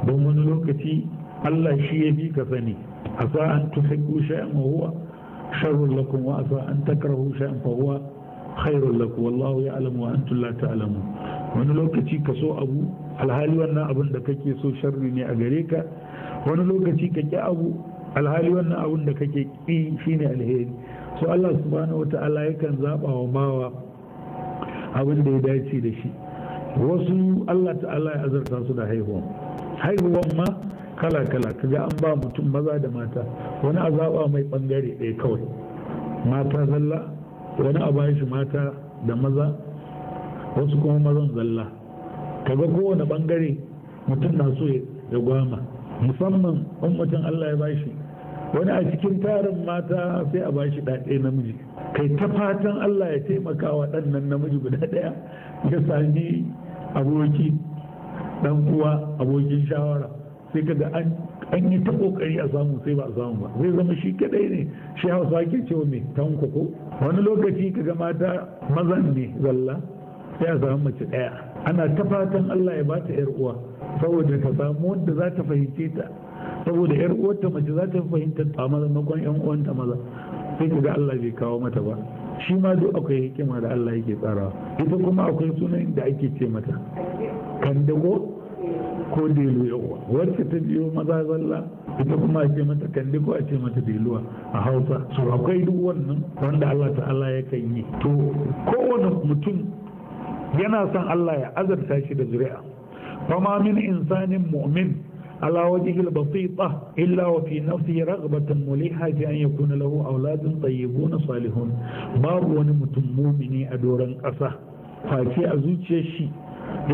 don wani lokaci Allah shi ya bi ka sani a sa'an tuhiqu shay'an wa huwa sharrun lakum wa asa an takrahu huwa khairun laku wallahu ya alamu wa antum la ta'lamu wani lokaci ka so abu alhali wannan da kake so sharri ne a gare ka wani lokaci ka ki abu alhali wannan da kake ki shine alheri so Allah subhanahu wata'ala yakan zaba wa bawa abin da ya dace da shi wasu Allah ta'ala ya azarta su da haihuwa haihuwan ma kala kala kaga an ba mutum maza da mata wani azaba mai bangare ɗaya kawai mata zalla wani a ya shi mata da maza wasu kuma mazan zalla kaga kowane bangare mutum na so ya gwama musamman in Allah ya bashi wani a cikin tarin mata sai a bashi ɗaɗe namiji kai ta fatan Allah ya taimaka wa ɗannan namiji guda ɗaya ya sami aboki ɗan uwa abokin shawara sai kaga an an yi ta kokari a samu sai ba a samu ba zai zama shi kadai ne shi hausa ke cewa mai tanko ko wani lokaci kaga mata mazan ne zalla sai a samu mace daya ana ta fatan Allah ya bata yar uwa saboda ta samu wanda za ta fahimce ta saboda yar uwarta mace za ta fahimta a makon yan uwanta maza sai ka ga Allah bai kawo mata ba shi ma duk akwai hikima da Allah yake tsarawa ita kuma akwai sunan da ake ce mata kandago ko delu yawa wacce ta biyo maza zalla ita kuma a ce mata kandi ko a ce mata deluwa a hausa so akwai duk wannan wanda allah ta'ala ya kan yi to kowane mutum yana son allah ya azarta shi da zuri'a fama min insanin mu'min ala wajihil basita illa wa fi nafsi raghbatan muliha fi an yakuna lahu awladun tayyibun salihun babu wani mutum mumini a doron ƙasa. face a zuciyar shi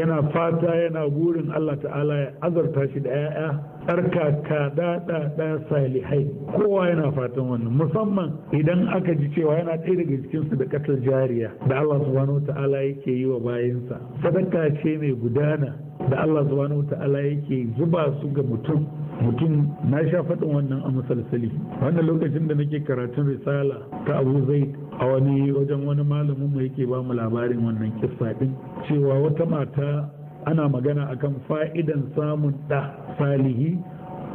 yana fata yana burin Allah ta'ala ya azarta shi da 'ya'ya tsarkaka daɗa da salihai kowa yana fatan wannan musamman idan aka ji cewa yana ɗaya daga cikin su da ƙasar jariya da Allah subhanahu ta'ala yake yi wa bayansa sadaka ce mai gudana da Allah subhanahu ta'ala yake zuba su ga mutum mutum na sha faɗin wannan a musalsali wannan lokacin da nake karatun risala ta abu zaid a wani wajen wani malamin mu yake ba mu labarin wannan kissa din cewa wata mata ana magana akan fa'idan samun da salihi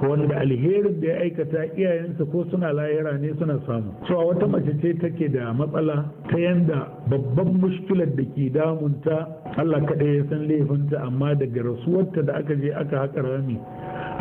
wanda alherin da ya aikata iyayensa ko suna lahira ne suna samu cewa wata mace ce take da matsala ta yanda babban mushkilar da ke damunta Allah kaɗai ya san laifinta amma daga rasuwarta da aka je aka haƙa rami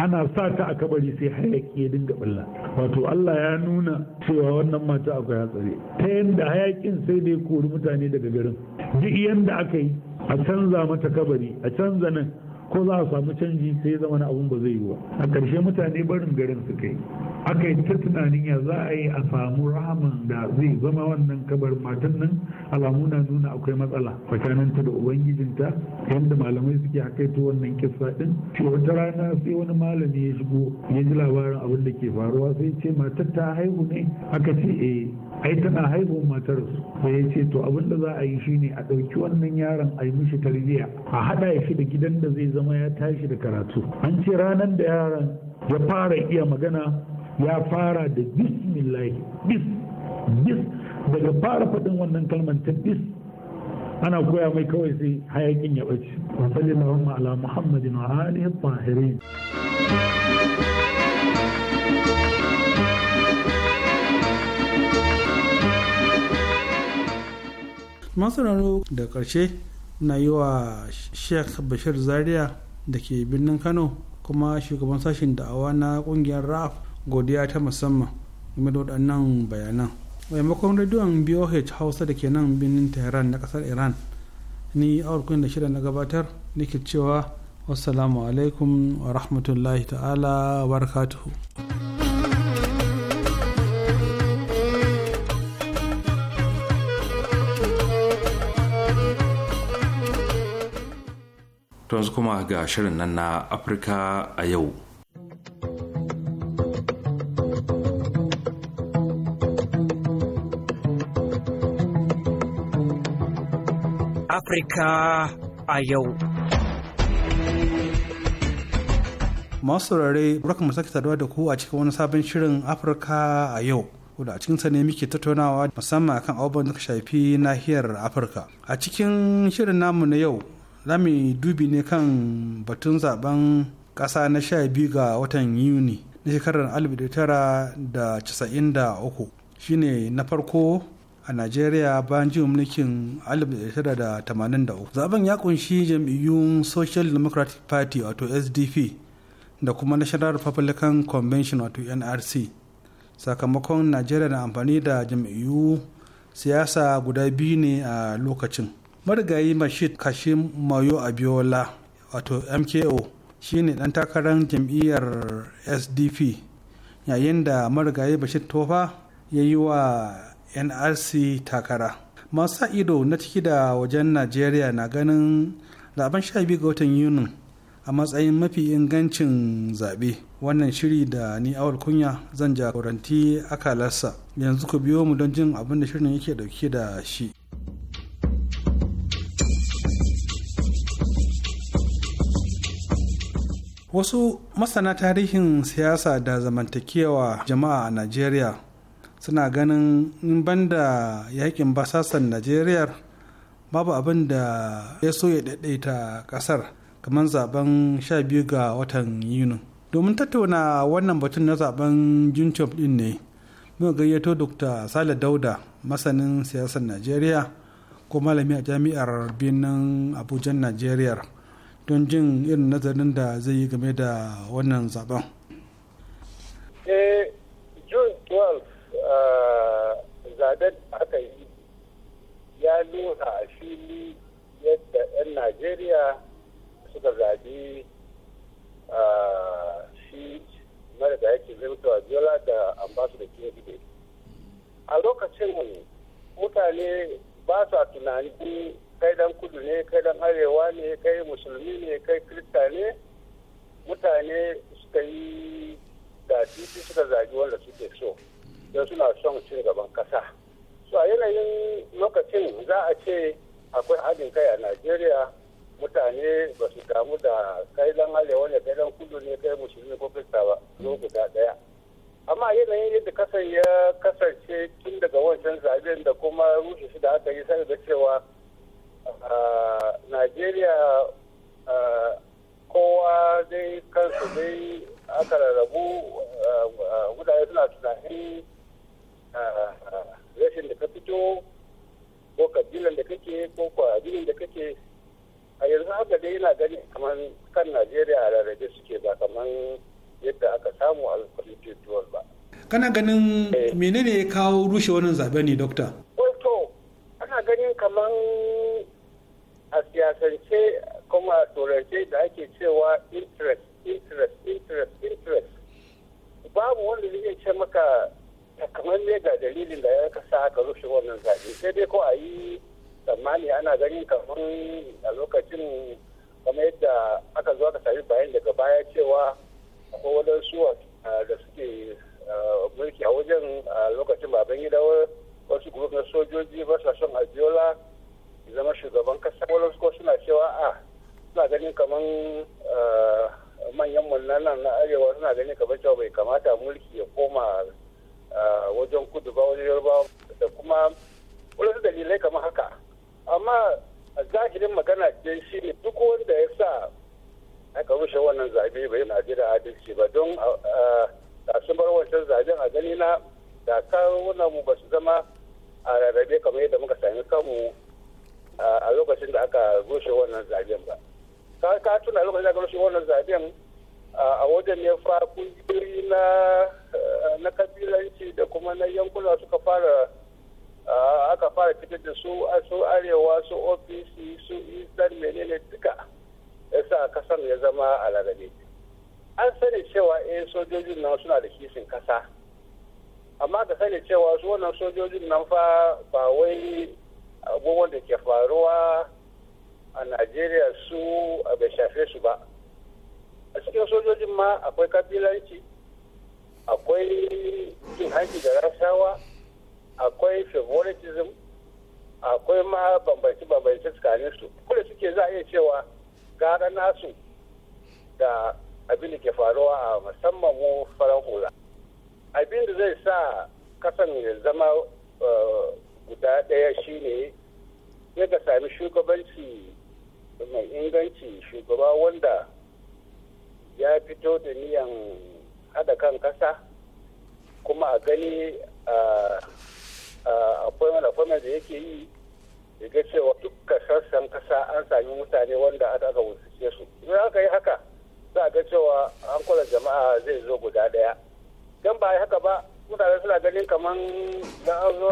ana sa ta a kabari sai hayaki ya dinga balla wato Allah ya nuna cewa wannan mata akwai hatsari ta yanda hayakin sai da ya kori mutane daga garin duk yanda aka yi a canza mata kabari a canza nan ko za a samu canji sai zama na abun ba zai yi ba a ƙarshe mutane barin garin su kai aka yi ta tunanin ya za a yi a samu rahaman da zai zama wannan kabar matan nan alamu na nuna akwai matsala fashananta da ubangijinta yadda malamai suke hakaito wannan kisa din ce wata rana sai wani malami ya shigo ya ji labarin abin da ke faruwa sai ce matar ta haihu ne aka ce eh ai tana haihuwar matar su ya ce to abin da za a yi shine a ɗauki wannan yaron a yi mishi tarbiyya a haɗa shi da gidan da zai zama ya tashi da karatu an ce ranar da yaron ya fara iya magana ya fara da bismillah bis bis daga fara faɗin wannan kalmar ta bis ana koya mai kawai sai hayakin ya ɓace wa sallallahu ala muhammadin wa alihi tahirin masararo da karshe na yi wa sheikh bashir zaria da ke birnin kano kuma shugaban sashen da'awa na ƙungiyar raf godiya ta musamman game da waɗannan bayanan maimakon rediyon boh hausa da ke nan birnin tehran na ƙasar iran ni aurkun da shida na gabatar nake cewa wassalamu alaikum wa rahmatullahi ta'ala wa barakatuhu to yanzu kuma ga shirin nan na afirka a yau Afirka a yau. Masu saurare barkan mu sake saduwa da ku a cikin wani sabon shirin Afirka a yau. da a cikin ne muke tattaunawa musamman akan abubuwan da suka shafi nahiyar Afirka. A cikin shirin namu na yau za dubi ne kan batun zaben kasa na sha biyu ga watan yuni na shekarar 1993 shine na farko a najeriya bayan jin mulkin 1983 zaben ya kunshi jam'iyyun social democratic party wato sdp da kuma national republican convention wato nrc sakamakon najeriya na amfani da jam'iyyu siyasa guda biyu ne a lokacin marigayi mashid kashim mayo abiola wato mko shine dan takarar jam'iyyar sdp yayin da marigayi bashir tofa ya yi wa nrc takara masu ido na ciki da wajen najeriya na ganin zaben 12 ga watan yunin a matsayin mafi ingancin zaɓe wannan shiri da ni awal kunya zan jagoranti akalarsa yanzu ku biyo mu don jin abin da shirin yake dauke da shi wasu masana tarihin siyasa da zamantakewa jama'a a najeriya suna ganin in banda yakin basasan najeriya babu abin da ya so ya daidaita kasar kamar zaben 12 ga watan yuni domin tattauna wannan batun na zaben juncob din ne muka gayyato dr sale dauda masanin siyasar najeriya ko malami a jami'ar birnin abuja najeriya don jin irin nazarin da zai yi game da wannan zaben. Eh, june eh, 12 zaben aka yi ya nuna a fili yadda 'yan najeriya suka zaɓi eh, shi mara da yake zirka jola da ambassador kirby a lokacin mutane ba sa tunani kai dan kudu ne kai dan arewa ne kai musulmi ne kai krista ne mutane suka yi da titi suka zagi wanda suke so don suna son cin gaban kasa so a yanayin lokacin za a ce akwai haɗin kai a najeriya mutane ba su damu da kai dan arewa ne kai dan kudu ne kai musulmi ko krista ba zo guda ɗaya amma yanayin yadda kasan ya kasance tun daga wancan zaben da kuma rushe shi da aka yi sai da cewa Eh, najeriya eh, kowa dai kansu dai aka rarrabu eh, mutane suna tunani rashin da ka fito ko kabilan da kake ko kwabilin da kake a yanzu haka dai yana gani kamar kan najeriya a rarrabe suke ba kamar yadda aka samu a kwalitetuwar ba kana ganin menene ya kawo rushe wannan zaɓe ne dokta? Wato, ana ganin kamar a siyasance kuma a turance da ake cewa interest interest interest interest babu wanda zai ce maka takamaimai ga dalilin da ya kasa aka rushe wannan zaɓe sai dai ko a yi tsammani ana ganin kamar a lokacin kamar yadda aka zo aka sami bayan daga baya cewa akwai suwa da suke mulki a wajen lokacin baban gida wasu na sojoji ba sa son ajiyola zama shugaban kasa wani ko suna cewa a ah, suna ganin kaman eh, manyan nan na arewa suna gani kamar cewa bai kamata mulki ya koma eh, wajen kudu ba wajen yarbawa da kuma wani dalilai kamar haka amma zahirin magana ce shi ne duk wanda ya sa aka rushe wannan zabe bai a adalci ba don eh, a sun bar wancan zaben a gani na da kawunan mu ba su zama a rarrabe kamar yadda muka sami kanmu a lokacin da aka rushe wannan zaben ba ka ka tuna lokacin da aka rushe wannan zaben a wajen ne fa kungiyoyi na kabilanci da kuma na yankuna suka fara aka fara fitar da su su arewa su opc su eastern menene duka ya sa kasan ya zama a alagabe an sani cewa eh sojojin nan suna da kishin kasa amma ka sani cewa su wannan sojojin nan fa ba wai abubuwan da ke faruwa a najeriya su a bai shafe su ba a cikin sojojin ma akwai kabilanci akwai jin hanci da rasawa akwai favoritism akwai ma bambanci bambanci tsakanin su kuma suke za a iya cewa gara nasu da abin da ke faruwa a musamman mu farar hula abin da zai sa kasan ya zama eh, guda ɗaya shine sai ka sami shugabanci mai inganci shugaba wanda ya fito da niyan haɗa kan ƙasa kuma a gani appointment appointment da yake yi ga cewa duk sassan ƙasa an sami mutane wanda aka wuce su in aka yi haka za a ga cewa an kula jama'a zai zo guda ɗaya don ba haka ba mutane suna ganin kaman da an zo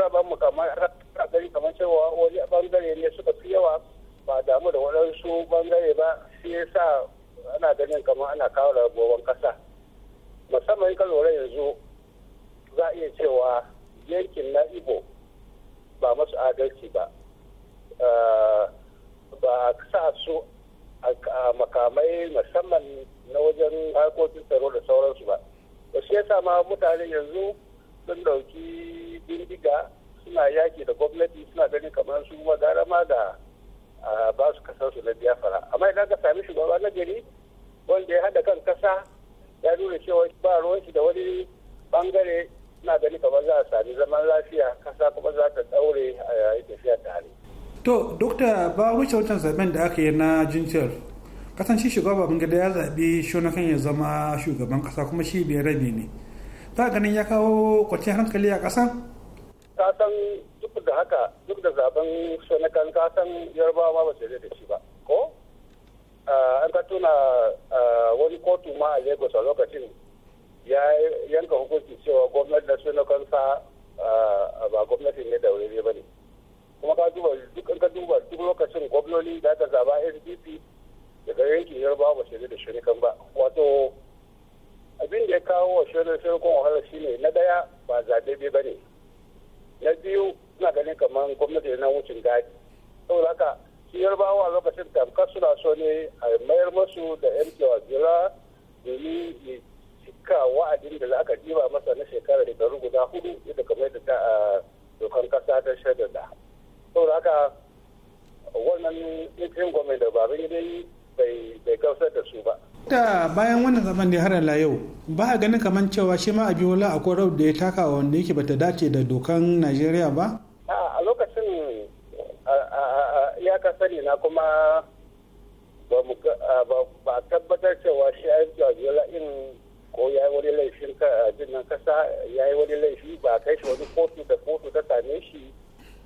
raba mu kamar suna ganin kaman cewa wani bangare ne suka fi yawa ba damu da waɗansu bangare ba shi sa ana ganin kamar ana kawo rabuwan ƙasa musamman ka lura yanzu za a iya cewa yankin na ibo ba masu adalci ba eh, ba a sa su a makamai musamman na wajen harkokin tsaro da sauransu ba to shi yasa ma mutane yanzu sun dauki bindiga suna yaki da gwamnati suna ganin kamar su magara ma da ba su kasar su na biyafara amma idan ka sami shugaba na gari wanda ya hada kan kasa ya nuna cewa ba ruwan shi da wani bangare suna gani kamar za a sami zaman lafiya kasa kuma za ta daure a tafiya tare. to dokta ba wuce wancan zaben da aka yi na jinciyar kasance shugaba babangida ya zaɓi shonakan ya zama shugaban ƙasa kuma shi bai rabi ne ta ganin ya kawo kwanciyar hankali a kasa ka san duk da haka duk da zaben shonakan ka san yarbawa ba su da shi ba ko an ka tuna wani kotu ma a lagos a lokacin ya yanka hukunci cewa gwamnati da shonakan sa ba gwamnati ne da wuri ba ne kuma ka duba duk lokacin gwamnoni da aka zaba sdp daga yankin yarbawa ba su da shirikan ba wato abin da ya kawo wa shirikan wahala shine na daya ba zaɓe ba ne na biyu suna ganin kamar gwamnati na wucin gadi saboda haka shi yarbawa lokacin tamkar suna so ne a mayar masu da yan jira domin ya cika wa'adin da aka jiba masa na shekara da garu guda hudu yadda kamar yadda ta dokan kasa ta shaidar da saboda haka wannan yankin gwamnati da babin bai gamsar da su ba. da bayan wannan zaman da harala yau ba a ganin kamar cewa shi ma abiola akwai rau da ya taka wanda yake bata dace da dokan najeriya ba a lokacin ya ka sani na kuma ba tabbatar cewa shi ya abiola in ko ya yi wani laifin nan kasa ya yi wani laifi ba a kai shi wani kotu da kotu ta same shi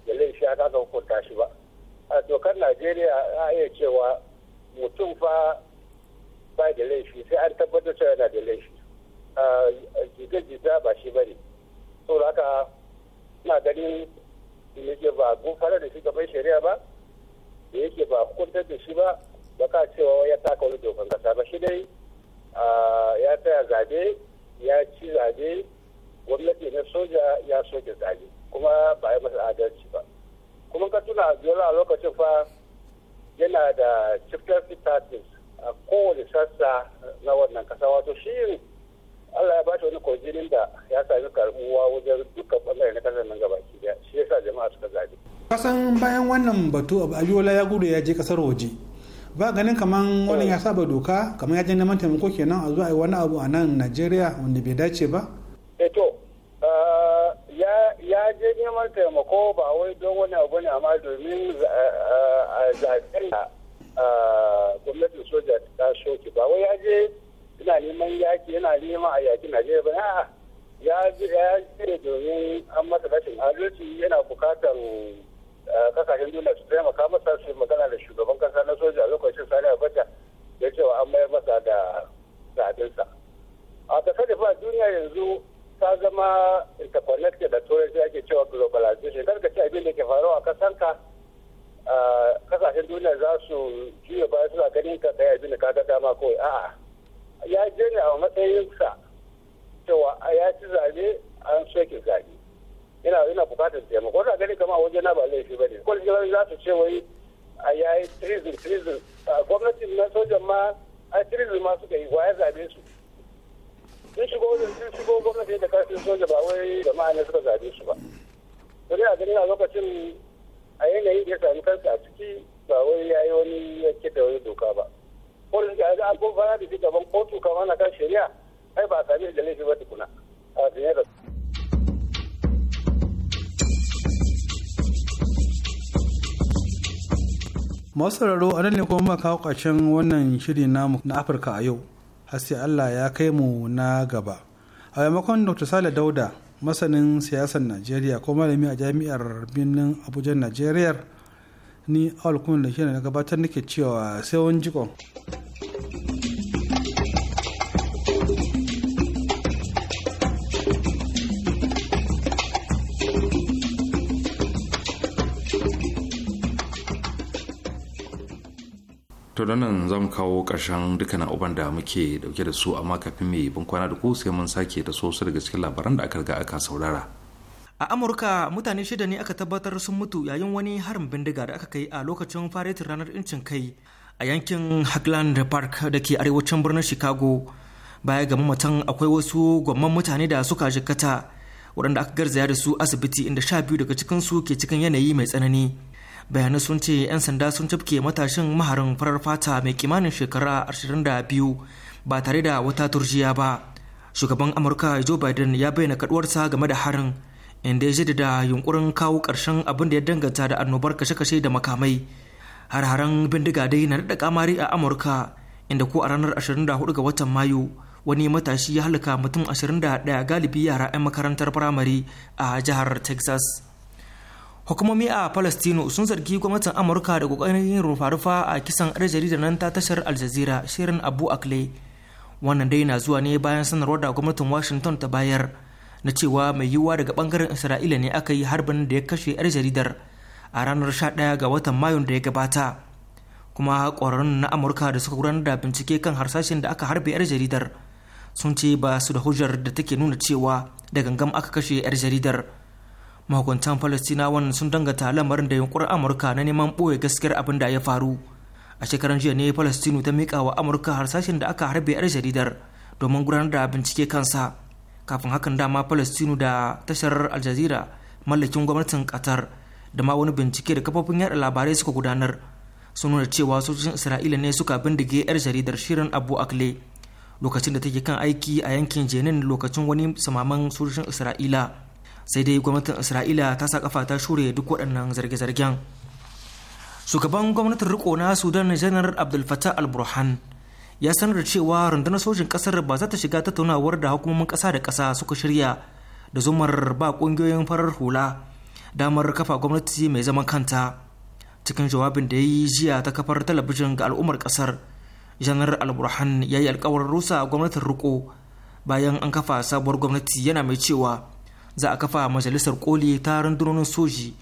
da laifi ya kasa hukunta shi ba a dokar najeriya a iya cewa mutum fa ba da laifi sai an tabbatar cewa yana da laifi jita-jita ba shi bane saboda haka gani ganin yake ba gufanar da shi gaban shari'a ba da yake ba hukuntar da shi ba ba ka cewa ya taka wani dokan kasa ba shi dai ya taya zabe ya ci zabe gwamnati na soja ya soke zabe kuma ba ya masa adalci ba kuma ka tuna a lokacin fa yana da cikin parties a kowane sassa na wannan kasa wato shi Allah ya bashi wani kogirin da ya sami karbuwa wajen duka bangare na kasar nan gabaki daya shi yasa jama'a suka zabe kasan bayan wannan batu abu ayola ya gudu ya je kasar waje ba ganin kaman wani ya saba doka kaman ya je neman taimako kenan a zuwa wani abu a nan Najeriya wanda bai dace ba yaje je neman taimako ba wai don wani abu ne amma domin eh, eh, a zaɓen da gwamnatin soja ta soke ba wai ya je yana neman yaki yana neman a yaki najeriya ba na ya je domin an masa rashin adalci yana bukatar kasashen eh, duniya su taimaka masa su magana da shugaban kasa na soja lokacin sani abacha ya cewa an mayar masa da zaɓensa a kasar da ba duniya yanzu ta zama interconnected da turanci ake cewa globalization kar ka ci abin da ke faruwa a kasanka kasashen duniya za su juya baya suna ganin ka kai abin da ka ga dama kawai a'a ya je ne a matsayinsa cewa ya ci zabe an soke zabe yana ina bukatar taimako wanda gani kama waje na ba laifi ba ne da za su ce wai a yi treason treason gwamnatin na sojan ma a treason ma suka yi waya zabe su sun shigo sun shigo gwamnati da karfin soja ba wai jama'a ne suka zabe su ba to dai a ganin a lokacin a yanayin da ya sami kansa a ciki ba wai ya yi wani ya da wani doka ba ko da ga an fara da shi gaban kotu kamar na kan shari'a ai ba a sami da laifi ba tukuna a sanye da masu sauraro a nan ne kuma kawo ƙarshen wannan shiri namu na afirka a yau har sai Allah ya kai mu na gaba. A maimakon Dr. Sale Dauda, masanin siyasar Najeriya ko malami a jami'ar birnin Abuja Najeriya, ni alkun da shi na gabatar nake cewa sai wani jikon. to da nan za kawo ƙarshen dukkanin abubuwan da muke dauke da su amma kafin mai bin kwana da ku sai mun sake da so su daga cikin labaran da aka riga aka saurara a amurka mutane shida ne aka tabbatar sun mutu yayin wani harin bindiga da aka kai a lokacin faretin ranar incin kai a yankin hagland Park da ke arewacin birnin Chicago baya ga mamatan akwai wasu gwamman mutane da suka jikkata waɗanda aka garzaya da su asibiti inda sha biyu daga cikinsu ke cikin yanayi mai tsanani bayanai sun ce 'yan sanda sun cafke matashin maharin farar fata mai kimanin shekara 22 ba tare da wata turjiya ba shugaban amurka joe biden ya bayyana kaduwarsa game da harin inda ya jaddada yunkurin kawo karshen abin da ya danganta da annobar kashe-kashe da makamai har-haren bindiga dai na daɗa kamari a amurka inda ko a ranar 24 ga watan mayu wani matashi ya halaka mutum 21 galibi yara 'yan makarantar firamare a jihar texas hukumomi a palestino sun zargi gwamnatin amurka da kokarin rufa-rufa a kisan yar jaridar nan ta tashar al shirin abu akle wannan dai na zuwa ne bayan sanarwar da gwamnatin washington ta bayar na cewa mai yiwuwa daga bangaren isra'ila ne aka yi harbin da ya kashe yar jaridar a ranar 11 ga watan mayun da ya gabata kuma ƙwararrun na amurka da suka gudanar da bincike kan harsashen da aka harbe yar jaridar sun ce ba su da hujjar da take nuna cewa da gangam aka kashe yar jaridar mahukuntan falastinawan sun dangata lamarin da yunkurin amurka na neman ɓoye gaskiyar abin da ya faru a shekaran jiya ne falastinu ta miƙa wa amurka harsashin da aka harbe yar jaridar domin gudanar da bincike kansa kafin hakan dama falastinu da tashar aljazira mallakin gwamnatin qatar da ma wani bincike da kafofin yaɗa labarai suka gudanar sun nuna cewa sojojin isra'ila ne suka bindige yar jaridar shirin abu akle lokacin da take kan aiki a yankin jenin lokacin wani samaman sojojin isra'ila sai dai gwamnatin isra'ila ta sa kafa ta shure duk waɗannan zarge-zargen shugaban gwamnatin riko na sudan janar abdul fatah al-burhan ya sanar da cewa rundunar sojin ƙasar ba za ta shiga tattaunawar da hukumomin ƙasa da ƙasa suka shirya da zumar ba ƙungiyoyin farar hula damar kafa gwamnati mai zaman kanta cikin jawabin da ya yi jiya ta kafar talabijin ga al'ummar ƙasar janar al-burhan ya yi alkawarin rusa gwamnatin riko bayan an kafa sabuwar gwamnati yana mai cewa za a kafa majalisar koli ta rundunonin soji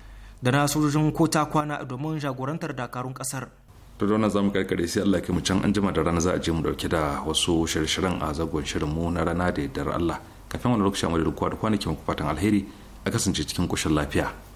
da na sojojin ko ta kwana domin jagorantar dakarun kasar to da wannan zamu karkare sai Allah ke mu can an jima da rana za a je mu dauke da wasu shirye-shiryen a zagon shirin mu na rana da yardar Allah kafin wani lokaci mu da kwanaki mu fatan alheri a kasance cikin koshin lafiya